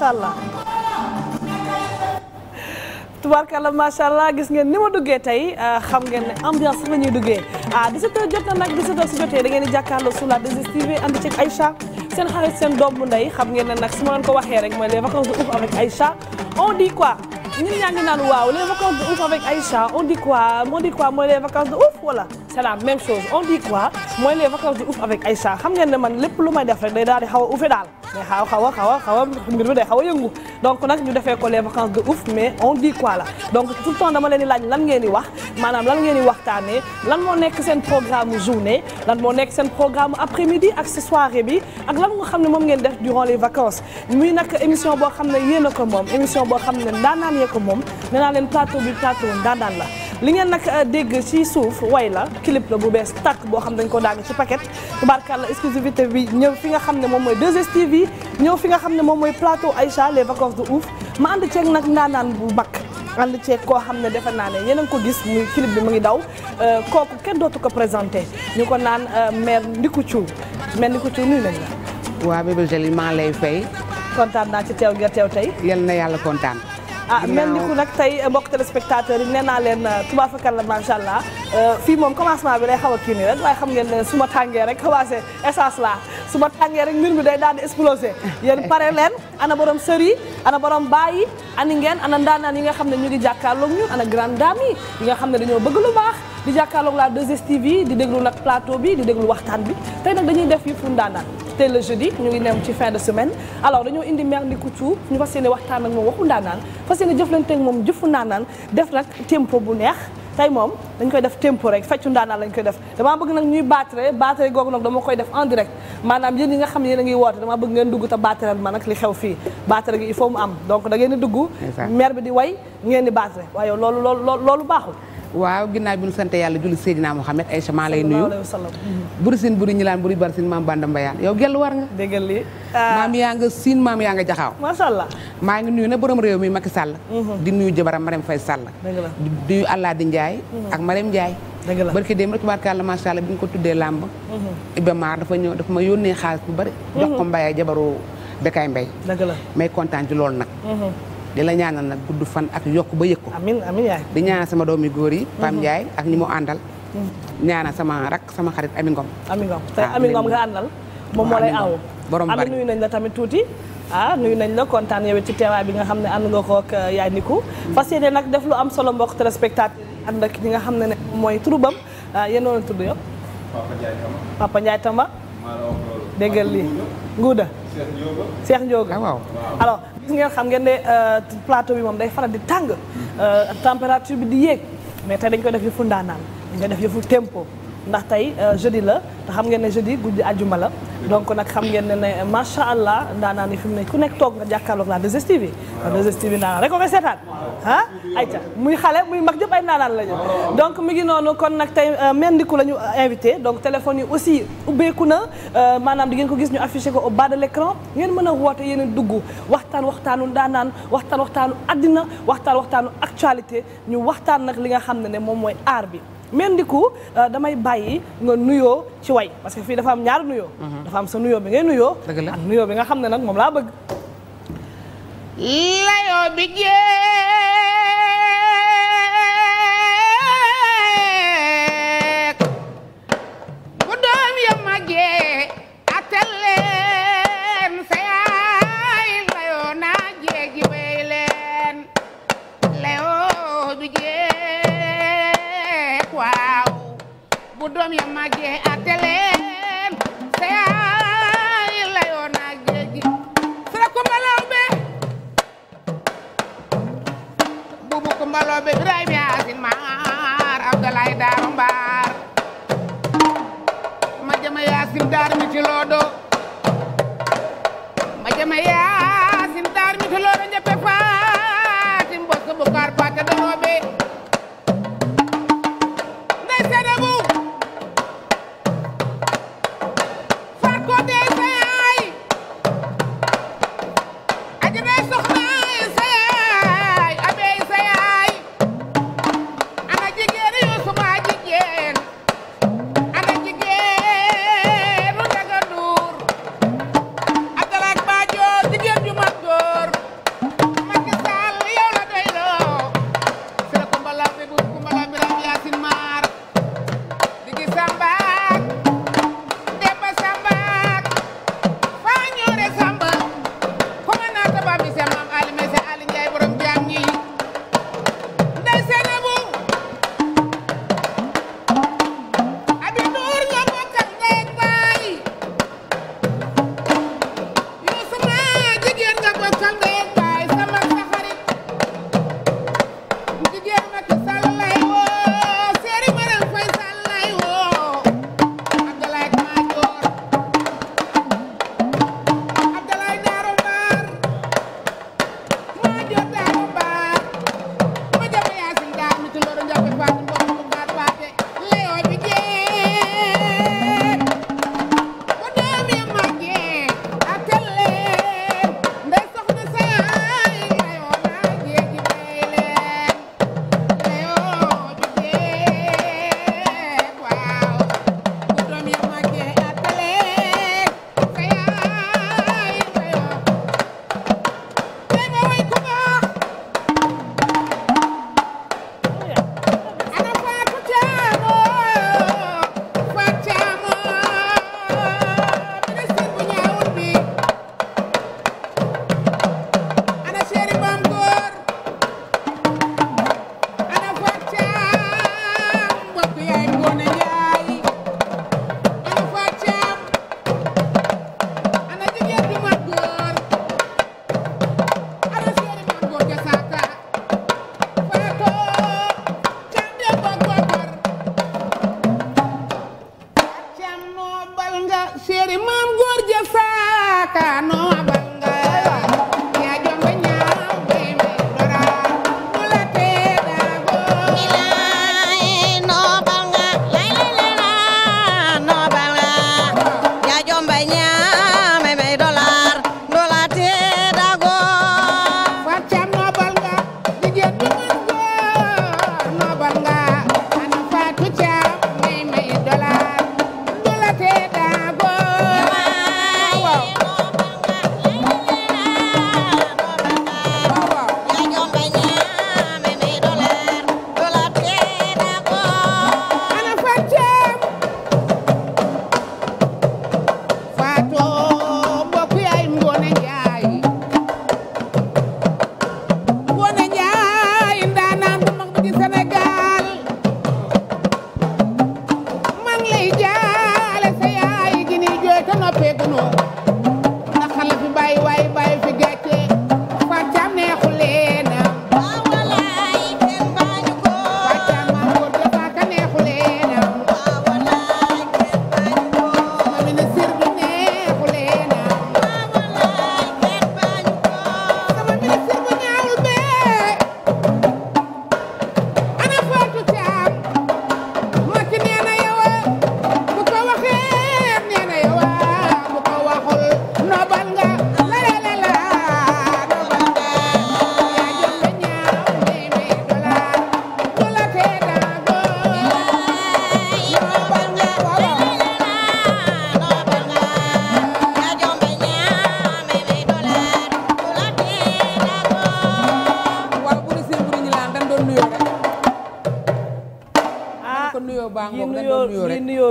macha allah. tubaarkàlla macha allah gis ngeen ni ma duggee tey euh, xam ngeen ne ambiance la ñuy duggee ah 17h jot na nag 17h jotee da ngeen di jàkkaarloo sur la 2STV ànd ci Aïcha seen xarit seen doomu ndey xam ngeen ne nag su ma ko waxee rek mooy les vacances de ouf avec Aïcha on dit quoi ñun ñaa ngi naan waaw les vacances de ouf on dit quoi on dit quoi mooy les la même chose on dit quoi mooy avec Aïcha xam ngeen ne man lépp lu may def rek day daal di xaw a daal. mais xaw xaw a xaw a xaw a mbir mi day yëngu donc nag ñu defee ko les vacances de ouf mais on dit quoi là donc tout temps dama leen di lan ngeen wax maanaam lan ngeen di lan moo nekk seen programme journée lan moo nekk seen programme après midi ak si soirée bi ak lan nga xam ne moom ngeen def durant les vacances muy nag émission boo xam ne yéen a ko moom émission boo xam ne ndaanaan yee ko moom nee naa leen plateau bi plateau ndaanaan la li ngeen nag euh, dégg ci fii ñëw fi nga xam ne moom mooy plateau Aïcha les vacances de ouf ma ànd ceeg nag ndaanaan bu mag ànd ceeg koo xam ne defe naa ne yéen a ko gis muy clip bi mu ngi daw euh, kooku kenn dootu ko présenté ñu ko naan euh, mère Ndickou Thioub mère Ndickou Thioub nuyu nañ la. waaw Bébé Jalle maa lay kontaan naa ci teew gi tey. yal na yàlla kontaan. a ah mel ni ku nag tey mbokk téléspectateur yi ne naa leen euh, tubaab fakar la macha allah fii moom commencement bi lay xaw a kii nii rek waaye su ma tàngee rek la su ma tàngee rek mbir day daal di explosé yéen pare leen ana borom sër ana borom bàyyi ani ngeen ana ndaanaan yi nga xam ne ñu ngi jàkkaarloog ñun ana grande dame yi nga xam ne dañoo bëgg lu baax di jàkkaarloog la 2STV yi di déglu nag plateau bi di déglu waxtaan bi tey nag dañuy def yi fu ndaanaan tey le jeudi ñu ngi nem ci fin de semaine alors dañoo indi mère ku Thioub ñu fas yéene waxtaan ak moom waxu ndaanaan fas yéene jëflante ak moom jëfu ndaanaan def nag tempo bu neex tey moom dañ koy def tempo rek feccu ndaanaan lañ koy def damaa bëgg nag ñuy battre battre googu nag dama koy def en direct maanaam yéen yi nga xam ne yéen a ngi woote damaa bëgg ngeen dugg te battre ma nag li xew fii battre gi il faut am donc da dugg mer bi di way ngeen di battre waaye loolu loolu loolu baaxul waaw ginnaaw bi ñu sant yàlla julli Seydina Mohamed Aïcha maa lay nuyu mm-hmm. buri sin buri ñilaan buri bar sin maam Banda Mbayaan yow gell war nga déggal li ah. Ah. maam yaa nga siin maam yaa nga jaxaaw maa ngi nuyu na borom réew mi Macky Sall mm-hmm. di nuyu a Marème Faye Sall di nuyu Alaaji Ndiaye mm-hmm. ak Marème Ndiaye dëgg la barki démb rek tubaarkàlla macha allah bi ñu ko tuddee làmb Iba Mar dafa ñëw dafa ma yónnee xaalis bu bari jox ko Mbaye jabaru Bekaay mbay dëgg la may kontaan ci loolu di la ñaanal nag gudd fan ak yokk ba yëg ko amiin amiin yaay di ñaanal sama doomi góor yi Pam mhm. Ndiaye ak ñi mu àndal mhm. ñaanal sama rak sama xarit Ami Ngom Ami Ngom tey ah, Ami Ngom nga àndal moom moo lay aw borom bari Ami nañ la tamit tuuti ah nuyu nañ la kontaan yow ci teewaay bi nga xam ne ànd nga ko ak euh, yaay Niku mhm. fas yéene nag def lu am solo mbokk téléspectateur ànd ak ñi nga xam ne ne mooy turubam ah, yéen noonu tudd yëpp Papa Ndiaye Tamba déggal lii nguuda Cheikh Ndioga ah, waaw alors gis ngeen xam ngeen ne euh, plateau bi moom day faral di tàng euh, température bi di yéeg mais tey dañ koy def yëfu ndaanaan dañ koy def yëfu tempo ndax tey euh, jeudi la te xam ngeen ne jeudi guddi àjjuma la donc nag xam ngeen ne ne macha allah ndaanaa ni fi mu ne ku nekk toog nga jàkkaarloog la 2STV la 2STV ndaanaan rek ko koy seetaan ah? muy xale muy mag jëpp ay ndaanaan la ñu donc mi ngi noonu kon nag tey euh, mendiku la ñu euh, invité donc téléphone yi aussi ubbeeku na maanaam di ngeen ko gis ñu affiché ko au bas de l'écran ngeen mën a woote yéen a dugg waxtaan waxtaanu ndaanaan waxtaan waxtaanu addina waxtaan waxtaanu actualité ñu waxtaan nag li nga xam ne ne moom mooy aar bi mais ndiku euh, damay bàyyi nga nuyoo ci way parce que fii dafa am ñaari nuyoo. Mhm. dafa am sa nuyoo bi ngay nuyoo. ak nuyoo bi nga xam ne nag moom laa bëgg. layoo bi jee.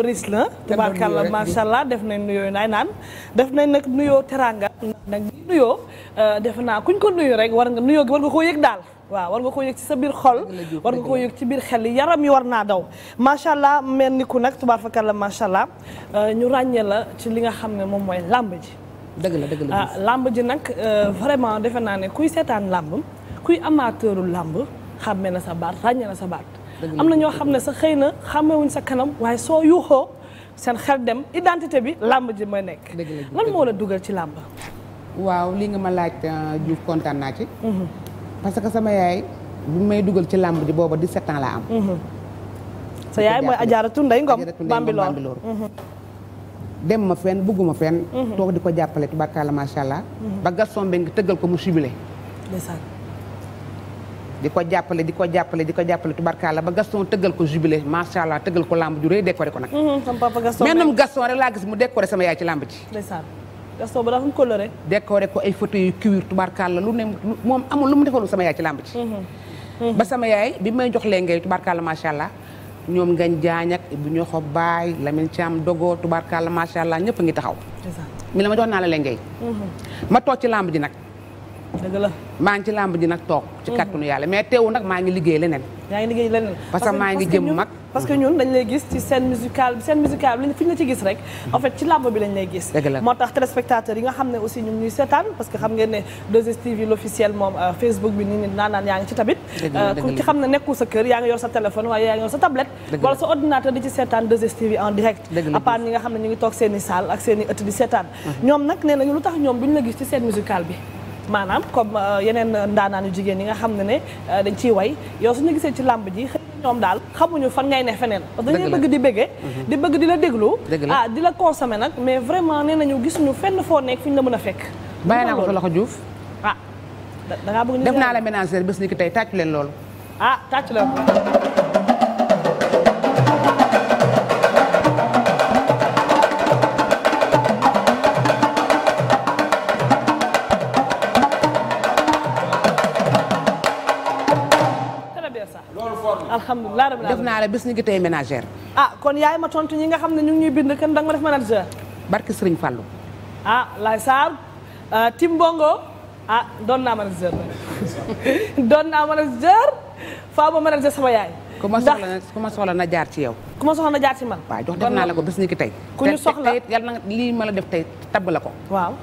riche na tubaarkàlla macha allah def nañ nuyooyu naay naan def nañ nag nuyoo teranga nag ñi nuyoo euh, defe naa kuñ ko nuyu rek war nga nuyoo gi war nga koo yëg daal waaw war nga koo yëg ci sa biir xol war nga koo yëg ci biir xel yi yaram yi war naa daw macha allah mel ni ku nag tubaarkàlla macha allah euh, ñu ràññee la ci li nga xam ne moom mooy làmb ji dëgg la dëgg la ah làmb ji nag euh, vraiment defe naa ne kuy seetaan làmb kuy amateuru làmb xàmmee na sa baat ràññee na sa baat am na ñoo xam ne sa xëy na xàmmewuñ sa kanam waaye soo yuuxoo seen xel dem identité bi làmb ji ma nekk. lan moo la dugal ci làmb. waaw lii nga ma laaj euh, Diouf kontaan naa ci. Mhm. que sama yaay bu may dugal ci làmb ji booba 17 ans laa am. Mhm. sa yaay mooy Ajaratu Ndey Ngom Bambilor mhm. dem ma fenn bugguma fen toog di ko jàppale tubaarkalla macha allah. ba Gaston Mbengue tëggal ko mu jubilé. ndeysaan. di ko jàppale di ko jàppale di ko jàppale ba Gaston tëggal ko jubilé macha allah tëggal ko lamb ju rëy décoré ko nag. Mhm, sama papa Gaston menum Gaston rek laa gis mu décoré sama yaay ci lamb ji. ndeysaan Gaston ba dafa moom amul lu mu defalu sama yaay ci lamb ji. Mhm. Mhm. ba sama yaay bi may jox leen ngay la macha allah. ñoom ngañ jaañ ak bu ñu xob baay Lamine Thiam dogo la macha allah ñëpp ngi taxaw. mi la ma jox naa la leen ma toog ci làmb ji nag. dëgg la maa ngi ci làmb ji toog. ci kàttanu yàlla mais teewu nag maa ngi liggéey leneen. yaa ngi liggéey leneen. parce que maa ngi jëm mag. parce que ñun dañ lay gis ci scène musicale scène musicale bi nii naan yaa ngi ci tamit. Euh, ci xam ne nekkul sa kër yaa ngi yor sa téléphone waaye yaa ngi yor sa tablette. wala sa ordinateur di ci seetaan 2STV en direct. à ñi nga xam ne ñu ngi toog seen i salle ak seen i ëtt di seetaan. Mm-hmm. ñoom nag nee nañu lu tax maanaam comme euh, yeneen ndaanaan yu jigéen yi nga xam ne ne euh, dañ ciy way yow su suñu gisee ci làmb ji xëy ñoom daal xamuñu fan ngay ne feneen parce que dañuy bëgg di béggee mhm. di bëgg di la déglu ah di la consommer nag mais vraiment nee nañu gisuñu fenn foo nekk fi ñu la mën a fekk bàyyi naa ko loxo Diouf ah da ngaa def naa la ménagère bés ni ki tey tàccu leen loolu ah tàccu leen alhamdulilah rabbil alamin def naa la bis ñu ngi tey ménagère. ah kon yaay ma tontu ñi nga xam ne ñu ngi ñuy bind kan danga ma def ménagère. barki Sëriñ Fallou. ah Laye Sarr ah, Tim Bongo ah doon naa ménagère doon naa ménagère faa ma ménagère sama yaay. ku ma soxla na ku ma soxla na jaar ci yow. ku ma soxla na jaar ci man. waaw jox def naa la ko bes ñu ngi tey. ku ñu soxla te yal na lii ma la def tey tabb la ko. waaw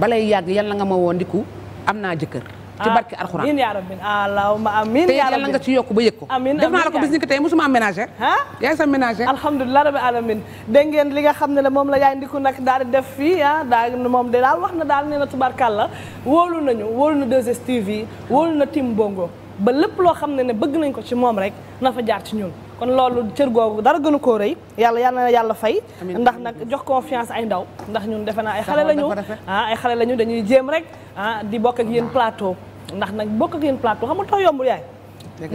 balay yàgg yal na nga ma woo ndiku am naa jëkkër. ci ah, barki alxuraan amiin yaa rabbi allahumma amiin yaa rabbi te yàlla nga ci yokk ba yëg ko amiin def naa la ko bis ni ko tey musuma ménager ah yaay sa ménager alhamdulilah rabbi alamin dégg ngeen li nga xam ne la moom la yaay ndiku nag daal di def fii ah daal moom de daal wax na daal nee na tubarkàlla wóolu nañu wóolu na 2STV wóolu na Tim Bongo ba lépp loo xam ne ne bëgg nañ ko ci moom rek na fa jaar ci ñun kon loolu cër googu dara gënu koo rëy yàlla yal na yàlla fay ndax nag jox confiance ay ndaw ndax ñun defe naa ay xale lañu ah ay xale lañu dañuy jéem rek ah di bokk ak yéen plateau ndax nag bokk ak yéen plateau xam nga tax yombul yaay.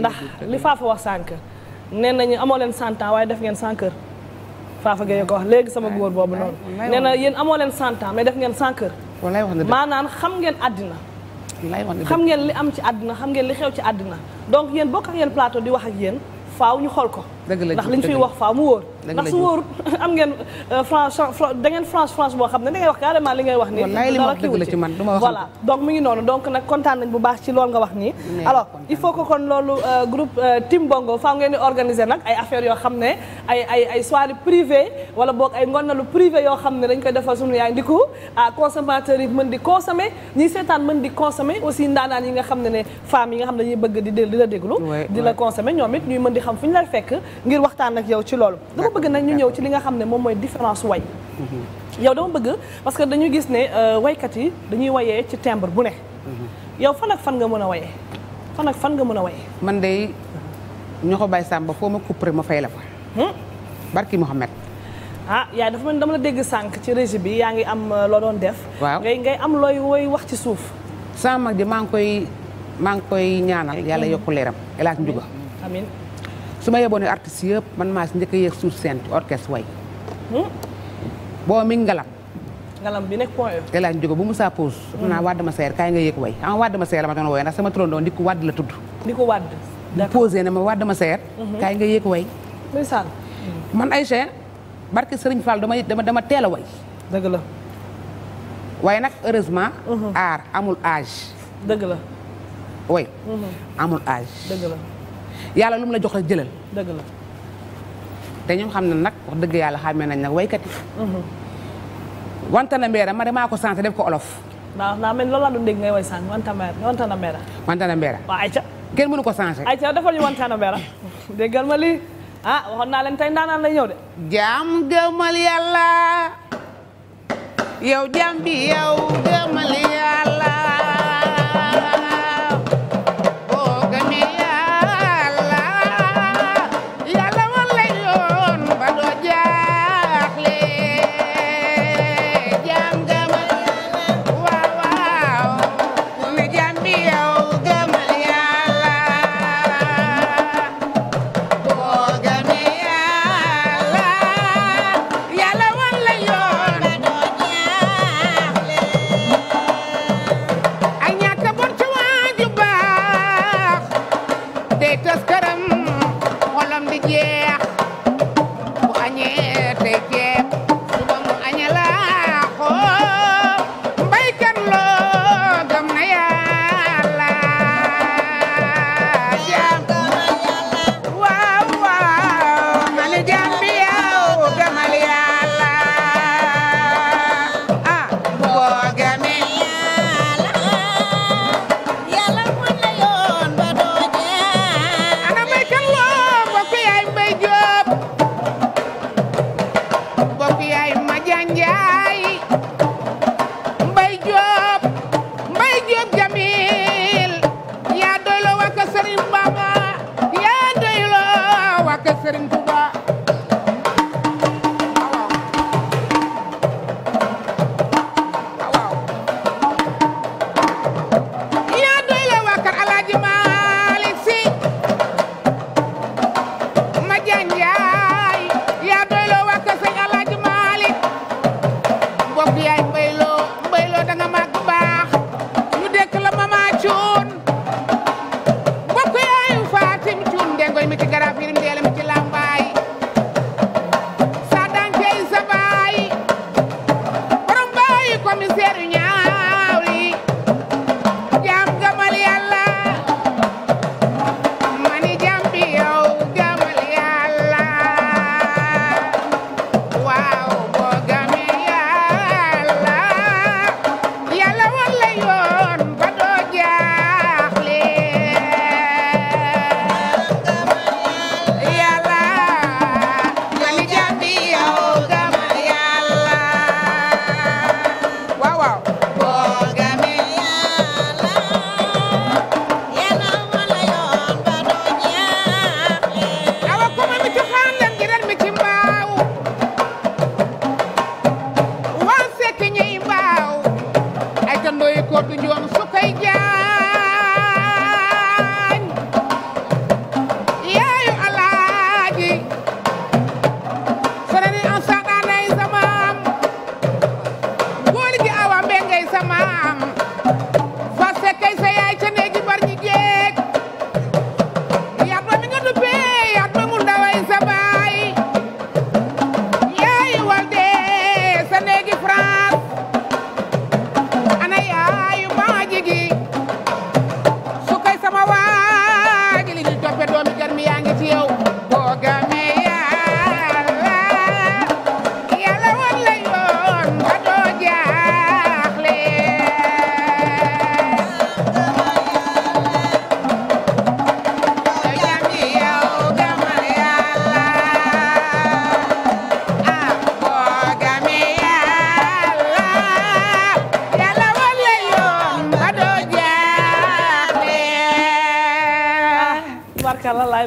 ndax li faafa wax sànq. nee nañu amoo leen cent waaye def ngeen cent kër. faafa Gueye ko wax léegi sama góor boobu noonu. nee na yéen amoo leen santa ans mais def ngeen cent kër. wallaay wax na dëgg xam ngeen àddina. wallaay wax xam ngeen li am ci àddina xam ngeen li xew ci àddina. donc yéen bokk ak yéen plateau di wax ak yéen faaw ñu xool ko ndax liñ fiy wax faa mu ndax su wóorut am ngeen euh, France da ngeen France boo xam ne da ngay wax carrément li ngay wax ni voilà donc mu ngi noonu donc nag kontaan nañ bu baax ci loolu nga wax nii alors il faut que kon loolu euh, groupe euh, Team Bongo faaw ngeen di nag ay affaires yoo xam ne ay ay ay soirée privée wala boog ay ngonalu privé yoo xam ne dañ koy defal suñu yaay ndiku ah consommateurs yi mën di consommer ñi seetaan mën di consommer aussi ndaanaan yi nga xam ne ne femmes yi nga xam ne dañuy bëgg di di la déglu di la consommer ñoom it ñuy mën di xam fu ñu la fekk ngir waxtaan ak yow ci loolu dama bëgg nag ñu ñëw ci li nga xam ne moom mooy différence way yow dama bëgg parce que dañu gis ne euh, waykat yi dañuy wayee ci timbre bu ne yow fan ak fan nga mën a wayee fan ak fan nga mën a wayee man de ñoo ko bàyyi sàmba foo ma coupé ma fay la fa hmm? barki Mouhamed ah yaay dafa mel dama la dégg sànq ci régie bi yaa ngi am euh, loo doon def waaw ngay ngay am looy wooy wax ci suuf sama mag ji maa ngi koy maa ngi koy ñaanal yàlla hmm. yokku leeram El Hadj Ndiouga su ma yeboonee artistes yëpp man maa si njëkk a yéeg suuf seen orchestre way. Hmm? boo mi ngalam. ngalam bi nekk point E. El Hadj Ndiogou bu Moussa Pouce. xam hmm. naa Wade ma seer kaay nga yéeg way ah Wade ma seer la ma doon woowee d' accord posé na ma Wade ma seer. Hmm. nga yéeg way. ndeysaan. man Aïcha barke Serigne Fall dama dama dama teel a way. dëgg la. waaye nag heureusement. aar amul âge. way amul âge. yàlla lu la jox rek jëlal. dëgg la te ñoo xam ne nag wax dëgg yàlla xam nañ nag waykat wanta mhm. wantana mbeera ma de maa ko sant def ko olof. waaw naa mel loolu laa doon dégg ngay way sànq wantana mbeera. wantana mbeera. waaw ayca. kenn mënu ko changé. ayca defal ñu wantana mbeera. déggal ma ah waxoon naa leen tey ndaanaan lay ñëw de. jaam gëmal yàlla yow jaam bi yow gëmal yàlla.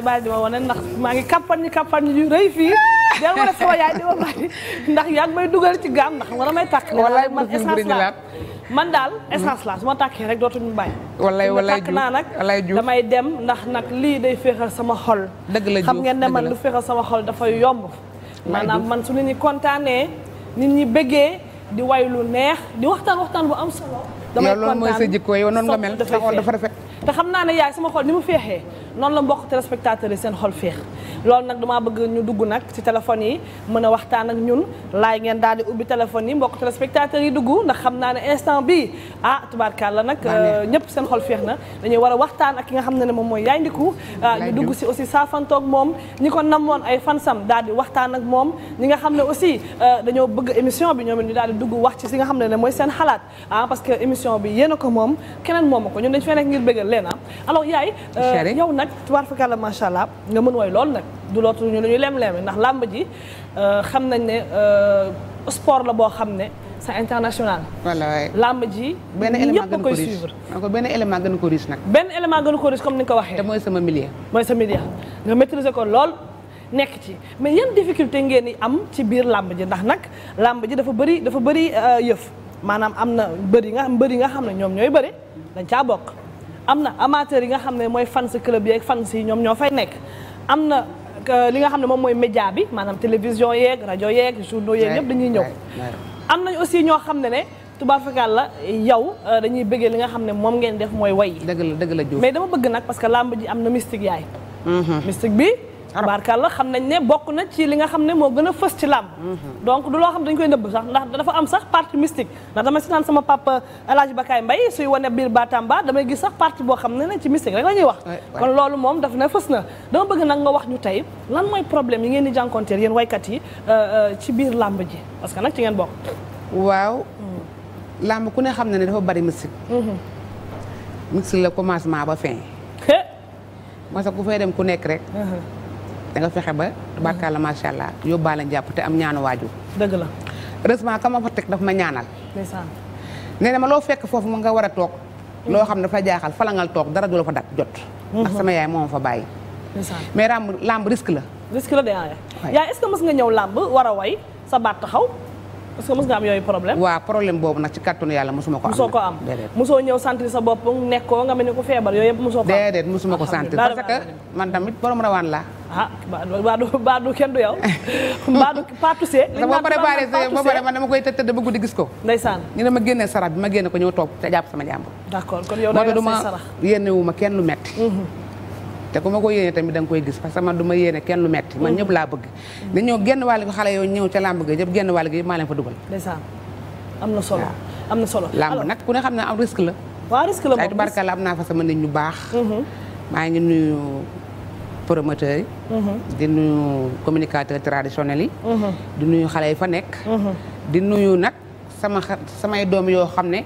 yaay baal ma wane ndax maa ngi campagne campagne yu rëy fii del ma def sama yaay ndax yaa ngi may dugal ci gaam ndax ma damay tàkk man essence man daal essence laa su ma tàkkee rek dootuñu bàyyi walaay walaay naa nag damay dem ndax nag lii day féexal sama xol dëgg la xam ngeen ne man lu féexal sama xol dafay yomb maanaam man su nit ñi kontaanee nit ñi bëggee di way lu neex di waxtaan waxtaan bu am solo damay kontaan loolu mooy sa jikko yow noonu nga mel dafa rafet te xam naa ne yaay sama xol ni mu féexee noonu la mbokk téléspectateurs yi seen xol féex loolu nag damaa bëgg ñu dugg nag ci téléphones yi mën a waxtaan ak ñun laay ngeen daal di ubbi téléphone yi mbokk téléspectateurs yi dugg ndax xam naa ne instant bii ah tubaarkàlla nag euh, ñëpp seen xol féex na dañuy war a waxtaan ak ki nga xam ne ne moom mooy Yaye Ndickou ah, ñu dugg si aussi saafantoog moom ñi ko namoon ay fansam daal di waxtaan ak moom ñi nga xam ne aussi euh, dañoo bëgg émission bi ñoom ñu daal di dugg wax ci si nga xam ne ne mooy seen xalaat ah, parce que émission bi yéen ko moom keneen moom a ko ñun dañ fee nekk bëggal leen ah alors Yaye euh, nag tubaar fa kàlla allah nga mën woy lool nag du ñu lu ñu ndax làmb ji euh, xam nañ ne euh, sport la boo xam ne c'est international. wallaay làmb ji. benn élément gën ko riche ñëpp benn élément gën ko riche nag. benn élément gën ko riche comme ko waxee. mooy sama milieu. mooy sa milieu nga maîtriser ko lool nekk ci mais yan difficulté ngeen di am ci biir làmb ji ndax nag làmb ji dafa bëri dafa bëri euh, yëf maanaam am na mbër yi nga mbër yi nga xam ne ñoom ñooy bëri dañ caa bokk. am na amateur yi nga xam ne mooy fans club yeeg fan yi ñoom ñoo fay nekk am na euh, li nga xam ne moom mooy média bi maanaam télévision yeeg rajo yeeg journaux yeeg yëpp dañuy ñëw am nañ aussi ñoo xam ne ne tubaab tubaarfakal la yow euh, dañuy bëggee li nga xam ne moom ngeen def mooy way yi dëgg la dëgg la mais dama bëgg nag parce que làmb ji am na mystique yaay mm-hmm. mystique bi barkalla xam nañ ne bokk nañ ci li nga xam ne moo gën a fës ci làmb mm-hmm. donc du loo xam dañ koy nëbb sax ndax dafa am sax partie mystique ndax damay si naan sama papa El Hadj Bakaay Mbay suy wane biir Batamba damay gis sax partie boo xam ne ne ci mystique rek la ñuy wax kon loolu moom daf na fës na dama bëgg nag nga wax ñu tey lan mooy problème yi ngeen di jànkonteel yéen waykat yi euh, euh, ci biir làmb ji parce que nag ci ngeen bokk waaw mm. làmb ku ne xam ne ne dafa bari mystique mm-hmm. mystique la commencement ba fin moo dem ku nekk rek uh-huh. da nga fexe ba la macha allah yóbbaale jàpp te am ñaanu waajur. dëgg la heureusement ka ma fa teg daf ma ñaanal. ndeysaan nee na ma loo fekk foofu mu nga war a toog. Mm-hmm. loo xam ne dafa jaaxal falangal toog dara du fa dat jot. Mm-hmm. ndax sama yaay moo ma fa bàyyi. mais làmb làmb risque la. risque la de ah, yaay est-ce que nga ñëw làmb war a way sa baat taxaw. parce que mos nga am yooyu problème. waaw problème boobu nag ci kàttanu yàlla mosuma ko am. mosoo ñëw sentir sa bopp nekkoo nga mel ni ku feebar ah, yow Badou Patou Seye. li ñu dama koy tëdd ba guddi gis ko. ndeysaan ñu ne ma génnee sarax bi ma génne ko ñëw toog te jàpp sama jàmbur. d'accord kon yow da nga sarax moo tax du ma kenn lu metti mhm. te ku ma ko yéene tamit da koy gis parce que man du yéene kenn lu metti man ñëpp laa bëgg dañoo genn wàll gi xale yoo ñëw ca làmb ga ñëpp genn wàll gi maa leen fa dugal am na solo am na solo làmb nag ku ne xam ne am risque la waaw risque la moom barka la am naa fa sama nit ñu baax mm-hmm. maa ngi nuyu promoteur yi mm-hmm. di nuyu communicateur traditionnel yi mm-hmm. di nuyu xale yi fa nekk di nuyu nag sama samay doom yoo xam ne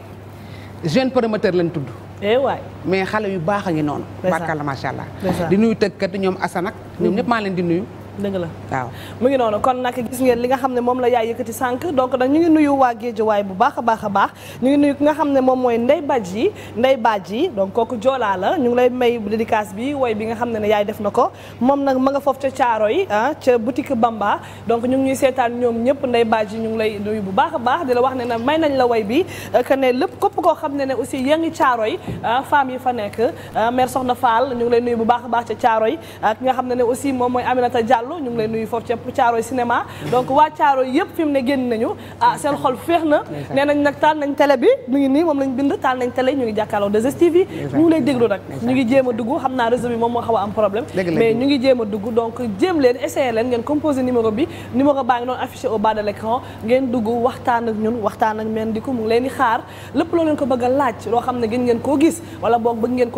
jeune promoteur lañ tudd eh waay mais xale yu baax a ngi noonu. barkalla macha allah. di nuyu tëggkat ñoom Assane ñoom ñëpp maa leen di nuyu. dëgg la waaw mu ngi noonu kon nag gis ngeen li nga xam ne moom la yaay yëkkati sànq donc nag ñu ngi nuyu waa Géejawaay bu baax a baax a baax ñu ngi nuyu ki nga xam ne moom mooy Ndey Badji Ndey Badji donc kooku joolaa la ñu lay may dédicace bi woy bi nga xam ne ne yaay def na ko moom nag ma nga foofu ca caaro yi ah ca boutique Bamba donc ñu ngi ñuy seetaan ñoom ñëpp Ndey Badji ñu ngi lay nuyu bu baax a baax di wax ne na may nañ la woy bi euh, que koo xam ne ne aussi caaro yi ah, femme yi fa nekk ah, mère Soxna Fall ñu ngi lay nuyu bu baax a baax ca caaro yi ki nga xam ne ne aussi moom mooy Aminata Diallo Diallo ñu ngi lay nuyu foofu ca Caaroy cinéma donc waa Caaroy yëpp fi ne génn nañu ah seen xol féex na nee nañ nag taal nañ télé bi mu ngi nii moom lañ bind taal nañ télé ñu ngi jàkkaarloo 2STV ñu ngi lay déglu nag ñu ngi moom a am problème mais ñu ngi jéem a dugg donc jéem leen essayer leen ngeen composé numéro bi numéro baa ngi noonu affiché au bas de l'écran ngeen dugg waxtaan ak ñun waxtaan ak men di ko mu ngi leen di xaar lépp loo leen ko bëgg a laaj loo xam ne gën ngeen koo gis wala boog bëgg ngeen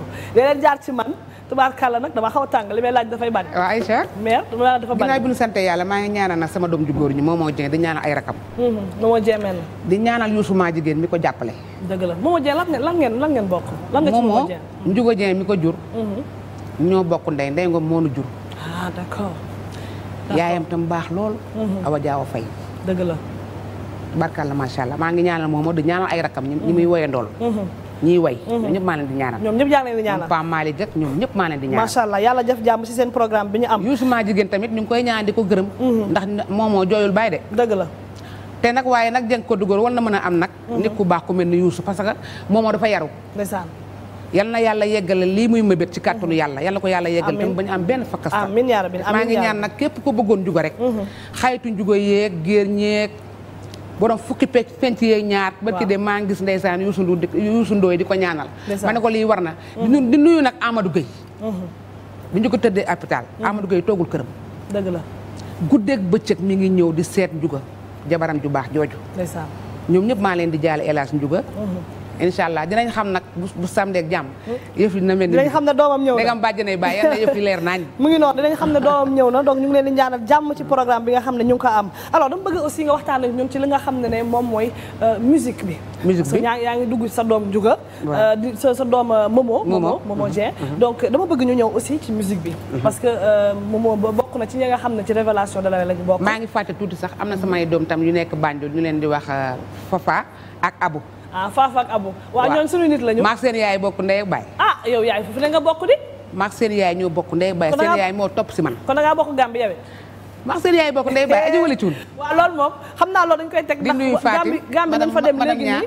ko dee leen jaar ci man la nag dama xaw a tàng li may laaj dafay bari waaw Aïcha mère dama laaj dafa bari ginnaaw bi sant yàlla maa ngi ñaanal nag sama doom ju góor ñi moom moo jeen di ay rakam moom mm-hmm. moo di ñaanal Youssou maa jigéen mi ko jàppale dëgg la moom moo jeen lan ngeen lan ngeen lan ngeen bokk lan nga moo jeen njugo jeen mi ko jur mm-hmm. ñoo bokk ndey ndey ngoom moo nu jur ah d'accord yaayam tam baax lool mm-hmm. awa jaaw a fay dëgg la barkàlla macha allah maa ngi ñaanal moom di ñaanal ay rakam ñi muy woyandool ñiy way mhm. ñoom ñëpp maa leen di ñaanal ñoom ñëpp yaa leen di ñaanal Pape Malick Diak ñoom ñëpp maa leen di ñaanal yàlla def jàmm ci seen programme bi ñu am Youssuma jigéen tamit ñu koy ñaan di ko gërëm mhm. ndax moom jooyul bàyyi de te nag waaye nag jëng ko dugal war na mën a am nag mhm. nit baax ku mel ni Youssou parce que dafa yaru ndeysaan yàlla yeggale lii muy mébét ci kàttanu yàlla yal ko yàlla yeggal tam ba am benn fakkas maa ngi ñaan borom fukki pe penc yeeg ñaar barki de maa ngi gis ndeysaan Youssou Ndour di Youssou di ko ñaanal ma ne ko lii war na mm-hmm. di nuyu nag amadu Gueye mm-hmm. bi ñu ko tëddee hôpital mm-hmm. Amadou Gueye toogul këram dëgg la guddeeg bëccëg mi ngi ñëw di seet njuga jabaram ju baax jooju ñoom ñëpp maa leen di jaale El njuga incha allah dinañ xam nag bu samedi ak jàmm yëf na mel xam na dagam bàjjënay bàyyi yal na leer naañ mu ngi noonu xam ne doomam ñëw na donc ñu ngi leen di ñaanal xam ne ñu ngi ko am alors dama bëgg aussi nga ne moom mooy euh, musique bi musique yaa ngi dugg sa doom juga euh, di sa sa doom euh, Momo Momo Momo mhm. Dieng mhm. donc dama bëgg ñu ñëw aussi ci musique bi mhm. parce que Momo bokk na ci ñi nga xam ne ci révélation de la lañu bokk maa ngi fàtte tuuti sax am na samay doom tam yu nekk Banjul ñu leen di wax Fafa ak Abu ah Fafa ak Abu waaw ñoom suñu nit lañu. maak seen yaay bokk ndey baay. ah yow yaay foofu ne nga bokk di. maak seen yaay ñoo bokk ndey baay. seen yaay moo topp si man. kon da ngaa bokk Gàmbi yow maak seen yaay bokk ndey baay aji wala cuun. waaw loolu moom xam naa loolu dañ koy teg. di nuyu Fatim Gàmbi dañ fa dem léegi nii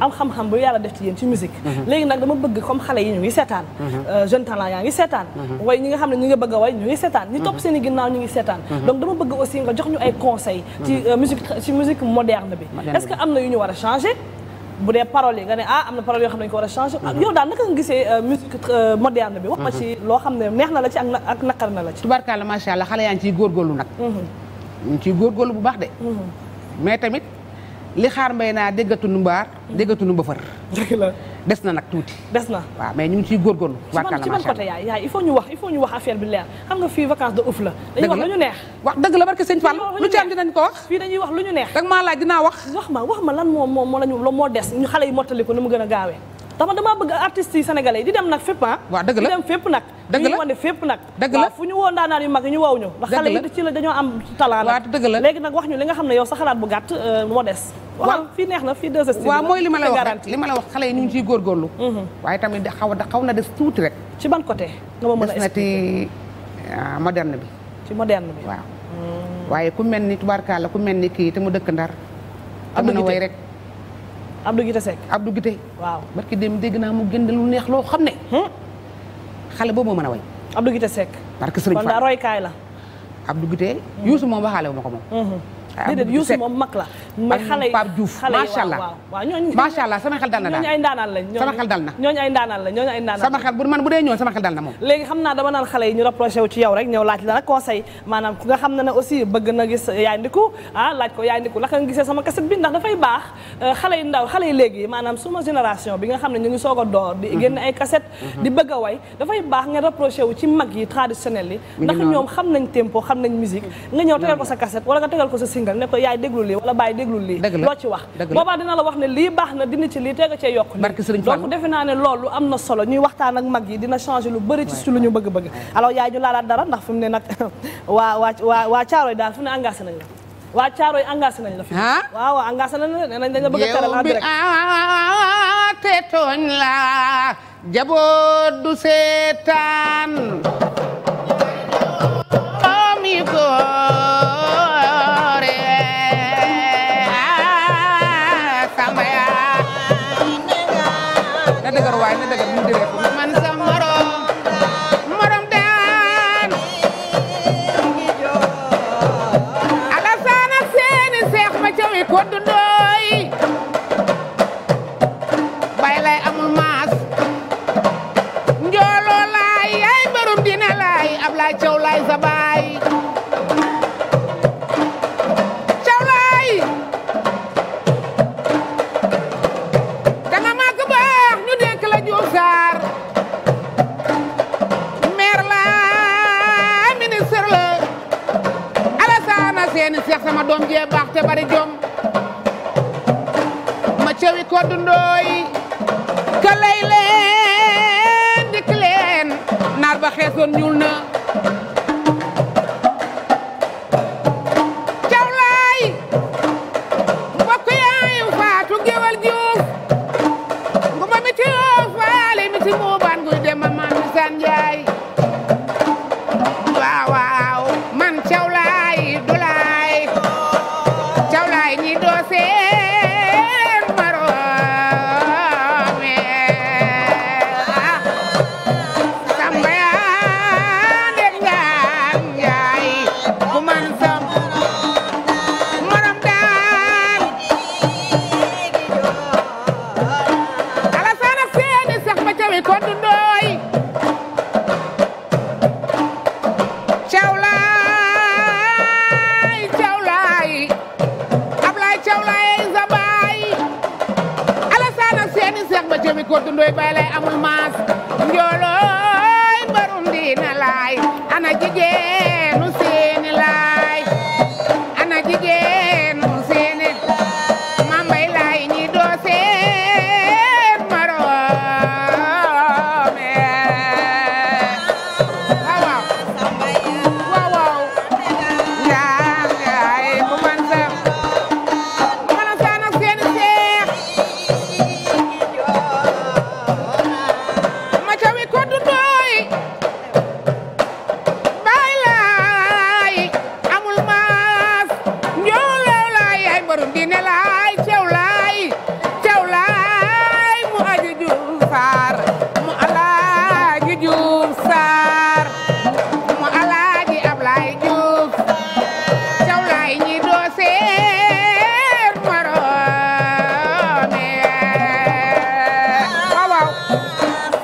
am xam-xam bu yàlla def ci yéen ci musique mhm. léegi nag dama bëgg comme xale yi ñu ngi seetaan mhm. euh, jeune talent yaa ngi seetaan mhm. way ñi nga xam ne ñu ngi bëgg a way ñu ngi seetaan ñi topp seen i ginnaaw ñu ngi seetaan donc dama bëgg aussi nga jox ñu ay conseils ci euh, musique ci bi est-ce que am na yu ñu ah, na paroles euh, ci loo xam na la ci ak ak la ci. tubarkalla macha allah xale yaa ngi ciy góorgóorlu nag. ñu ciy góorgóorlu bu baax de. mais tamit. li xaar mbay naa déggatunu mbaar déggatunu mbëfër des na nag tuuti des na waaw mais ñu ngi ciy góorgóorlu ci man côté yaay yaay il faut ñu wax il faut ñu wax affaire bi leer xam nga fii vacance de ouf la dañuy wax lu ñu neex wax dëgg la barke sëñ Fall wax fii dañuy wax lu ñu neex dag maa laaj dinaa wax wax ma wax ma lan moo moo moo la ñu moo des ñu xale yi mottali ko ni mu gën a gaawee tax ma damaa bëgg artistes yi sénégalais yi di dem nag fépp waa ah. waaw dëgg la di dem fépp nag dëgg la wane fépp nag dëgg la fu ñu woo ndaanaan yu mag ñu waaw ñu ndax xale yi ci la dañoo am talent léegi nag wax ñu li nga xam ne yow sa xalaat bu gàtt euh, moo des waaw fii na fii deux mooy li ma la wax rek li ma la wax xale yi ñu ngi ciy góorgóorlu mhm. waaye tamit da xaw da na des tuuti rek ci ban côté nga ma mën a expliquer ah, moderne bi ci moderne bi waaw hmm. waaye ku mel ni la ku mel ni kii te mu dëkk ndar te mën a woy rek Abdou Guité Seck Abdou Guité waaw barki dem dégg naa mu génn lu neex loo xam ne hmm? xale boobu moo mën a way Abdou Guité Seck barki sëriñ Fall kon daa roykaay la Abdou Guité Youssou moom waxaale wu ma ko moom hmm. Hmm. déedéet moom mag la man Pape Diouf macha allah waaw ñooñu macha allah sama xel dal na daal ñooñu ay ndaanaan lañ sama xale yi maanaam ku nga xam ne ne aussi bëgg na yaay ndiku ah, laaj ko yaay ndiku la nga gisee sama kaset bi ndax dafay baax euh, xale yi ndaw xale yi léegi maanaam suma génération bi nga xam ne ñu ngi soog a door di génn ay kaset mhm. di bëgg a way dafay baax nga rapproché wu ci mag yi traditionnel yi ndax ñoom xam nañ tempo xam nañ musique nga ñëw tegal ko sa kaset wala nga tegal ko sa single ne yaay déglu lii wala bàyyi déglul lii loo ci wax boobaa dina la wax ne lii baax na dindi ci lii teg a cee yokk lii donc defe naa ne loolu am na solo ñuy waxtaan ak mag yi dina changer lu bëri ci su lu ñu bëgg-bëgg alors yaay ñu laalaat dara ndax fi mu ne nag waa waa waa daal fi mu ne engagé nañ la waa Caaroy engagé nañ la fi waaw waaw engagé nañ la nañ dañ la bëgg a teral en direct te tooñ la jaboot du seetaan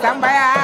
Tambaya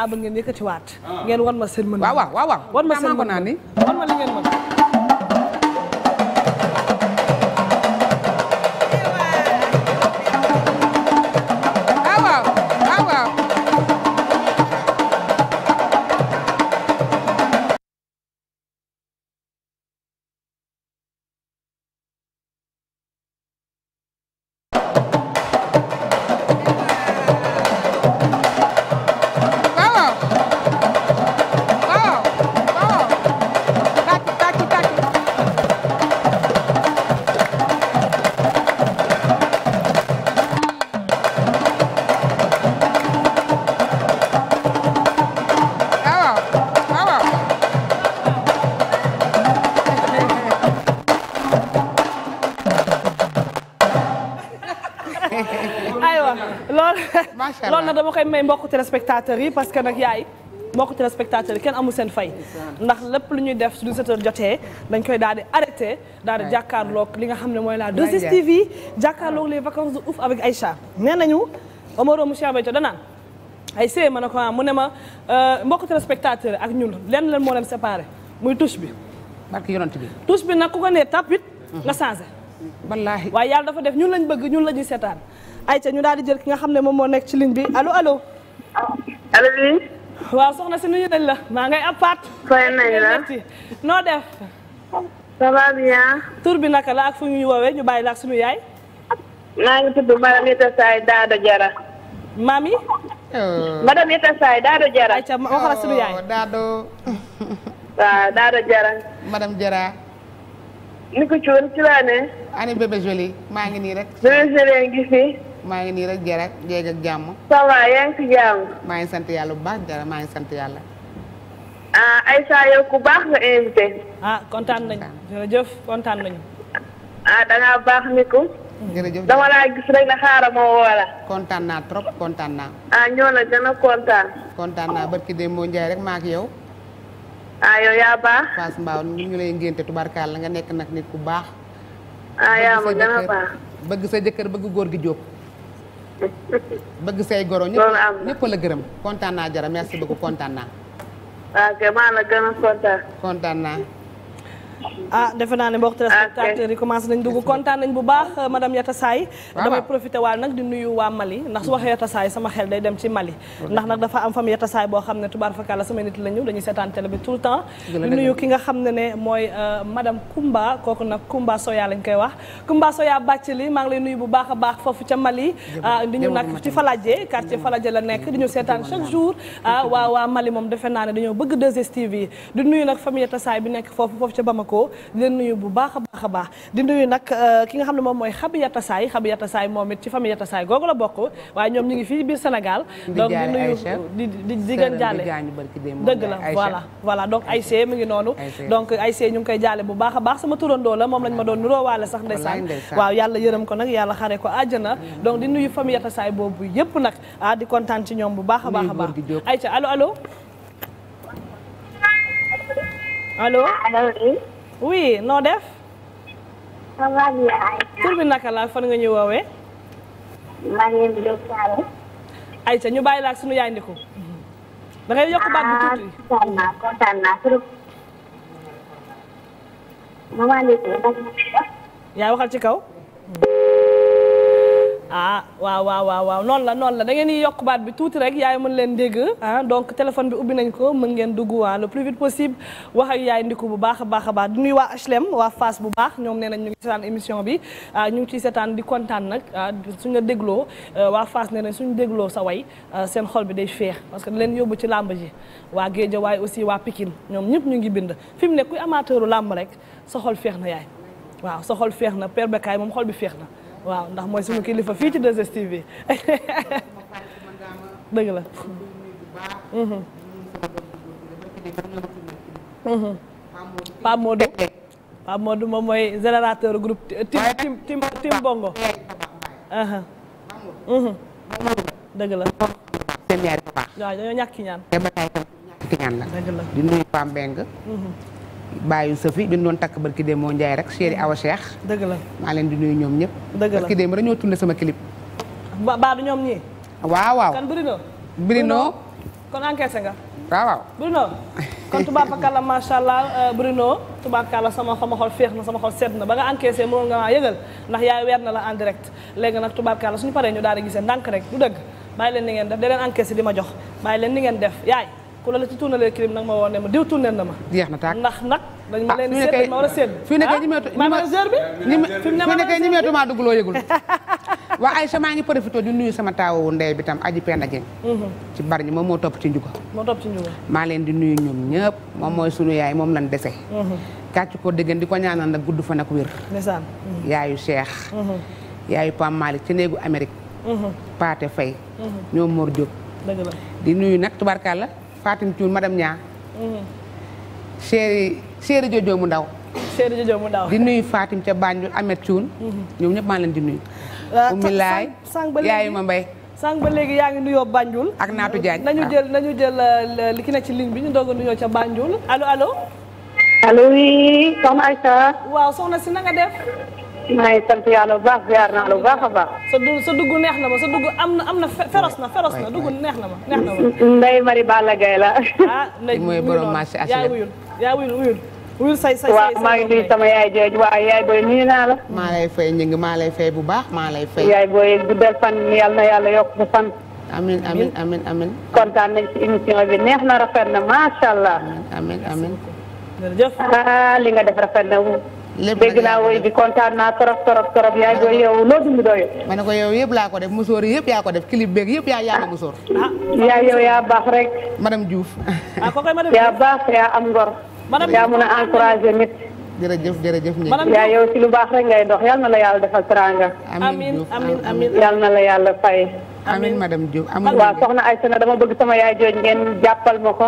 laa bëgg ngeen yëkkatiwaat. Ah. ngeen wan ma seen mën. waaw waaw waaw wan ma seen mën wan ma li macha allah loolu nag dama koy may mbokku téléspectateur yi parce que nag yaay mbokku téléspectateur yi kenn amul fay. ndax lépp lu ñuy def su 17h jotee dañ koy daal di arrêté. daal di jàkkaarloog li nga xam ne mooy la 2STV. jàkkaarloog les vacances de ouf avec Aïcha. nee nañu Omaro monsieur Abedio danaan ay see ma ne ko ah mu ne ma euh, mbokku téléspectateur ak ñun lenn leen moo leen séparé muy touche bi. barke yonent bi touche bi nag ku ko nee tapit nga mm-hmm. changé. wallaahi waaye yàlla dafa def ñun lañ bëgg ñun la ñuy seetaan. ayca ñu daal di jël ki nga xam ne moom moo nekk ci ligne bi allo allo. allo oui. waaw soxna si nuyu nañ la maa ngay apaat. fay noo def. ça va tur bi naka la ak fu ñuy woowee ñu bàyyi la ak suñu yaay. maa ngi tudd madame Ita Saay Daado Jara. mami. Oh. madame Ita Saay Daado Jara. ayca ma oh, Jara. ni ko ci woon ci bébé joli maa ngi nii rek. bébé joli ngi fi. maa ngi nii rek jërë ak ak jàmm. ça va ci jàmm. maa ngi sant yàlla bu baax jërë maa ngi sant yàlla. ay ah, Aïssa yow ku baax nga invité. Ah, kontaan nañu jërëjëf kontaan nañu. ah da ngaa baax ni ko. jërëjëf dama laa gis rek na xaaral ma woo kontaan naa trop kontaan naa. ah ñoo la gën a kontaan. kontaan naa barki Demba Ndiaye rek ma ak yow. a ah, yow yaa baax. Fass Mbao ñu lay ngénte tubarkaal la nga nekk nag nit ku baax. ah yaa ma gën baax bëgg sa jëkkër bëgg góor gi jóob. bëgg sey goro ñi ñëpp la gërëm kontaan naa jara merci beaucoup kontaan naa. maa la gën a kontaan naa. ah defe naa ne mbokk téléspectateurs yi commencé nañ kontaan nañ bu baax euh, madame Yatassay ah, damay profité waal nag di nuyu waa Mali ndax su waxee Yatassay sama xel day dem ci Mali ndax nag dafa am fam Yatassay boo xam ne tubaar fakala sama nit la ñu dañuy seetaan télé bi tout le temps di nuyu ki nga xam ne ne mooy euh, madame Kumba kooku nag Kumba Soya lañ koy wax Kumba Soya Bathily maa ngi lay nuyu bu baax baax foofu ca Mali ah, di ñu nag ci Faladje quartier Faladje la nekk di ñu seetaan chaque jour ah waa waa Mali moom defe naa ne dañoo bëgg 2STV yi di nuyu nag famille Yatassay bi nekk foofu foofu ca Bamako Sonko di leen nuyu bu baax a baax a baax di nuyu nag euh, ki nga xam ne moom mooy Xabi Yatasaay Xabi moom it ci famille Yatasaay googu la bokk waaye ñoom ñu ngi fii biir Sénégal donc di nuyu di di di gën jaale dëgg la voilà voilà donc Aïssé mi ngi noonu donc Aïssé ñu ngi koy jaale bu baax a baax sama turandoo la moom lañ ma doon nuroo waale sax ndeysaan waaw yàlla yërëm ko nag yàlla xare ko àjjana donc di nuyu famille Yatasaay boobu yëpp nag a ah, di kontaan ci ñoom bu baax a baax a baax Aïcha allo allo allo oui noo def. ça va naka la fan nga ñu woowee. maa ngi leen di jóg Thiaré. ñu bàyyi la ak sunu yaay Ndiku. da ngay yokk baat bu ah, tuuti ah naa kontaan ci kaw. ah waaw waaw waaw waaw la noonu la dangeen di yokk baat bi tuuti rek yaay mën leen dégg ah donc téléphone bi ubbi nañ ko mën ngeen dugg waa le plus vite possible wax ak yaay ndiku bu baax a baax a baax du nuyu waa HLM waa Fass bu baax ñoom nee nañ ñu ngi seetaan émission bi ah, ñu ngi ciy seetaan di kontaan nag ah, suñu la dégloo ah, waa Fass nee nañ suñu dégloo sa way seen xol bi day feex parce que leen yóbbu ci làmb ji waa Géejawaay aussi waa Pikine ñoom ñëpp ñu ngi bind fi mu ne kuy amateuru làmb rek sa xol feex na yaay waaw sa xol feex na Père moom xol bi feex na waaw ndax mooy suñu kilifa fii ci 2STV bi dëgg la. Pape Modou Pape Modou moom mooy générateur groupe Tim Tim Bongo. Eh, mhm. dëgg la. waaw dañoo ñàkk ñaan. dëgg la. bàyyi sa fi bi doon takk barki dem moo Ndiaye rek chéri Awa Cheikh. dëgg la maa leen di nuyu ñoom ñëpp. dëgg la barki dem rek ñoo tourné sama clip. ba ñoom ñii. waaw waaw kan Bruno. Bruno. kon encaissé nga. waaw waaw Bruno. kon tubaabakala macha allah euh, Bruno tubaabakala sama xama xol féex na sama xol sedd na ba nga encaissé mënoon nga maa yëgal ndax yaay weer na la en direct léegi nag tubaabakala suñu paree ñu daal di gisee ndànk rek du dëgg bàyyi leen ni ngeen def da leen encaissé di ma jox bàyyi leen ni ngeen def yaay ku la la ci tournalee crime nag ma woo ne ma diw tourné na ma. jeex na tàkk ndax nag. dañ ma ah, leen a fi nekkee ah, ñimeetu fi nekkee ñimeetu maa dugg loo yëgul. waa Aïcha maa ngi profité di nuyu sama taawu ndey bi tam aji Penda Dieng. Mhm. ci bari ñi moom moo topp ci njuga. moo topp ci maa leen di nuyu ñoom ñëpp moom mooy sunu yaay moom lañ dese. Mhm. kàcc ko dégg di ko ñaanal nag gudd fan ak wér. ndeysaan. Mhm. yaayu Cheikh. yaayu Pam Malick ci néegu Amérique. Paate Faye. ñoom Mor Diop. dëgg la di nuyu nag tubarkalla Fatim Thioune ma Nia. Mm-hmm. chéri chéri jojo mu ndaw. chéri jojo mu ndaw di nuyu Fatim ca Banjul Amet Thioune. Mm-hmm. ñoom ñëpp maa leen di nuyu. Oumy euh, Laay yaayu ma mbay. sànq ba léegi yaa ngi nuyoo Banjul. ak naatu Diagne nañu jël nañu jël euh, li ki ci ligne bi ñu doog a nuyoo ca Banjul alo allo. allo oui soxna Aïcha. waaw soxna si na def. maa ngi sant yàlla bu baax ziar naa la baax a baax. sa sa dugg neex na ma sa dugg am na am na feros na feros na neex na ma neex na ma. Ndeye la. Ah, mooy borom marché yaa wuyul yaa wuyul maa ngi nuyu sama yaay jooju waaw yaay booy nuyu naa la. maa lay fay ñu ngi maa lay fay bu baax maa lay fay. yaay booy guddal fan yàlla na yàlla yokk sa fan. amin amin amin amin kontaan nañ ci émission bi neex na rafet na macha allah. amin amin amin. jërëjëf. Ah, li def rafet na lépp dégg naa woy bi kontaan naa trop trop trop yaa ngi koy yow mu dund doyoo. ma ne ko yow yëpp laa ko def musóor yëpp yaa ko def clip beeg yëpp yaa yaa ko musóor. Ah, yaa yow yaa baax rek. madame Diouf. ah kooku madame Diouf yaa baax yaa am ngor. yaa mën a encouragé nit. jërëjëf jërëjëf ñi yaa yow ci lu baax rek ngay dox yal na la yàlla defal teranga amin amin amin yal na la yàlla fay amin madame Diouf amin waaw soxna Aïssa na dama bëgg sama yaay jooj ngeen jàppal ma ko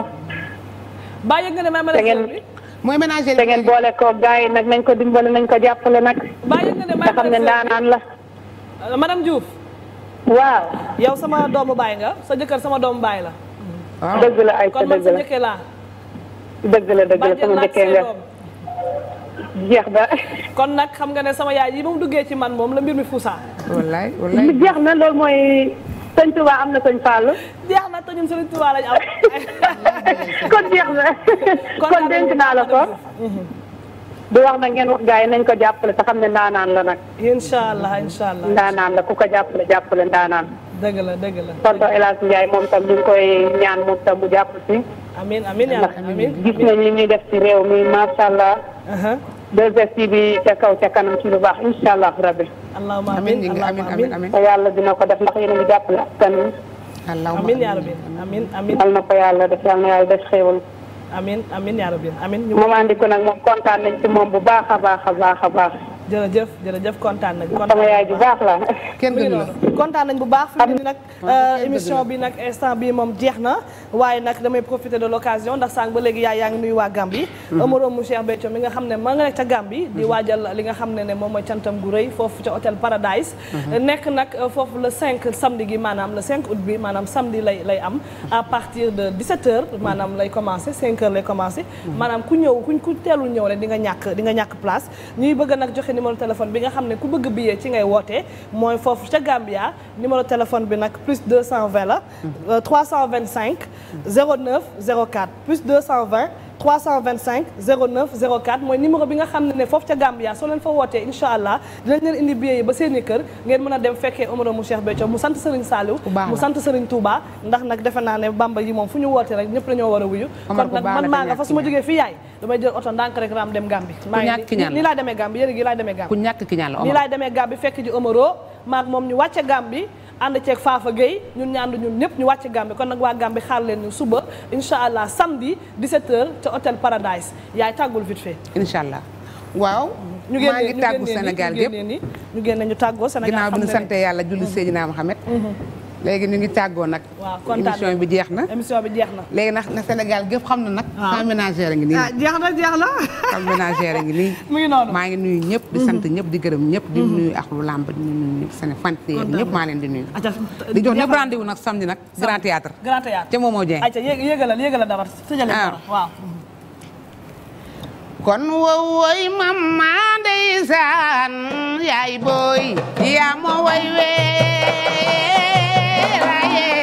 bàyyi nga ne ma la ngeen mooy ménager te ngeen boole ko gars yi nag nañ ko dimbale nañ ko jàppale nag. bàyyi na ne nga xam ne ndaanaan la. madame Diouf. waaw. yow sama doomu baay nga sa jëkkër sama doomu baay la. waaw ah. dëgg la ay sa dëgg la kon man sa njëkkee laa. dëgg la dëgg la sama njëkkee nga. jeex na. kon nag xam nga ne sama yaay yi moom duggee ci man moom la mbir mi fuusaa. jeex na loolu mooy. sëñ Touba am na sëñ Fallou. jeex na te ñun am. kon jeex na kon dénk naa la ko. du wax na ngeen wax gars yi nañ ko jàppale te xam ne ndaanaan la nag. incha allah incha allah ndaanaan la ku ko jàppale jàppale ndaanaan. dëgg la dëgg la tonton El Hadj Ndiaye moom tam ñu ngi koy ñaan moom tam mu jàpp si. amiin amiin amiin gis nañ li ñuy def ci réew mi macha allah. 2STV ca kaw ca kanam ci lu baax incha allah yi allahumma amiin allahumma amiin amiin yàlla dina ko def ndax yéen a ngi jàppale askan wi. allahumma amiin yaa rabbi amiin na ko yàlla def yal yàlla def xéewal. amiin amiin yaa rabbi amiin. moom andi nag moom kontaan nañ ci moom bu baax a baax a baax a baax. jërëjëf jërëjëf kontaan nañ kontaan sama yaay la kenn gënu la kontaan nañ bu baax fi mu ne nag euh, émission bi nag instant bi moom jeex na waaye nag damay profiter de l'occasion ndax sànq ba léegi yaay yaa ngi nuyu waa Gambie Omaro mhm. mu Cheikh Béthio xam ne maa nga nekk ca Gambie di mhm. waajal li nga xam ne ne moom mooy cantam gu rëy foofu ca hôtel Paradise mhm. nekk nag euh, foofu le 5 samedi gi maanaam le cinq août bi maanaam samedi lay lay am à partir de 17h maanaam lay commencé 5h lay commencé maanaam ku ñëw ku ku teelul ñëw rek di nga ñàkk di nga ñàkk numéro téléphone bi nga xam ne ku bëgg billet ci ngay wootee mooy foofu ca Gambia numéro téléphone bi nag plus 220 la. 325. 09 04 plus 220. 325 09 04 mooy numéro bi nga xam ne foofu ca Gambia soo leen fa wootee incha allah dinañ leen indi billet yi ba seen kër ngeen mën a dem fekkee Omaro mu Cheikh Béthio mu sant Serigne Saliou mu sant Serigne Touba ndax nag defe naa ne Bamba yi moom fu ñu wootee rek ñëpp la ñoo war a wuyu kon nag man maa nga fa su ma jógee fi yaay damay jël oto ndànk rek raam dem Gambie. ku ñàkk ki ñaan la maa ngi nii laa demee Gambie yëre gi laa demee Gambie. ku ñàkk ki ñaan la Omar nii laa demee Gambie fekk ji Omaro maak moom ñu wàcce Gambie ànd ceeg Fafa Gueye ñun ñaandu ñun ñëpp ñu wàcc Gambie kon nag waa Gambie xaar leen ñu suba incha allah samedi 17h ca hôtel Paradise yaay tàggul vite fait. incha allah waaw. ñu génne maa ngi tàggu Sénégal gépp ñu génne ñu tàggoo Sénégal xam ne bi ñu sant yàlla julli mm-hmm. Seydina Mohamed mm-hmm. léegi ñu ngi tàggoo nag. waaw kontaan émission bi jeex na. émission bi jeex na. léegi na Sénégal gépp xam na nag. waaw sans ménagère ngi nii. ah jeex na jeex na. sans ménagère ngi nii. muy noonu maa ngi nuyu ñëpp. di sant mhm. ñëpp di gërëm ñëpp. di mhm. nuyu ak lu làmb nuyu ñëpp seen fante ñëpp maa leen di nuyu. di jox ñëpp rendez nag samedi nag. grand théâtre grand théâtre ca Momo Dieng. ayca yéegalal yéegalal dabar tëjale ah. dara waaw. kon wow yaay booy yaa ma woy wee. waaye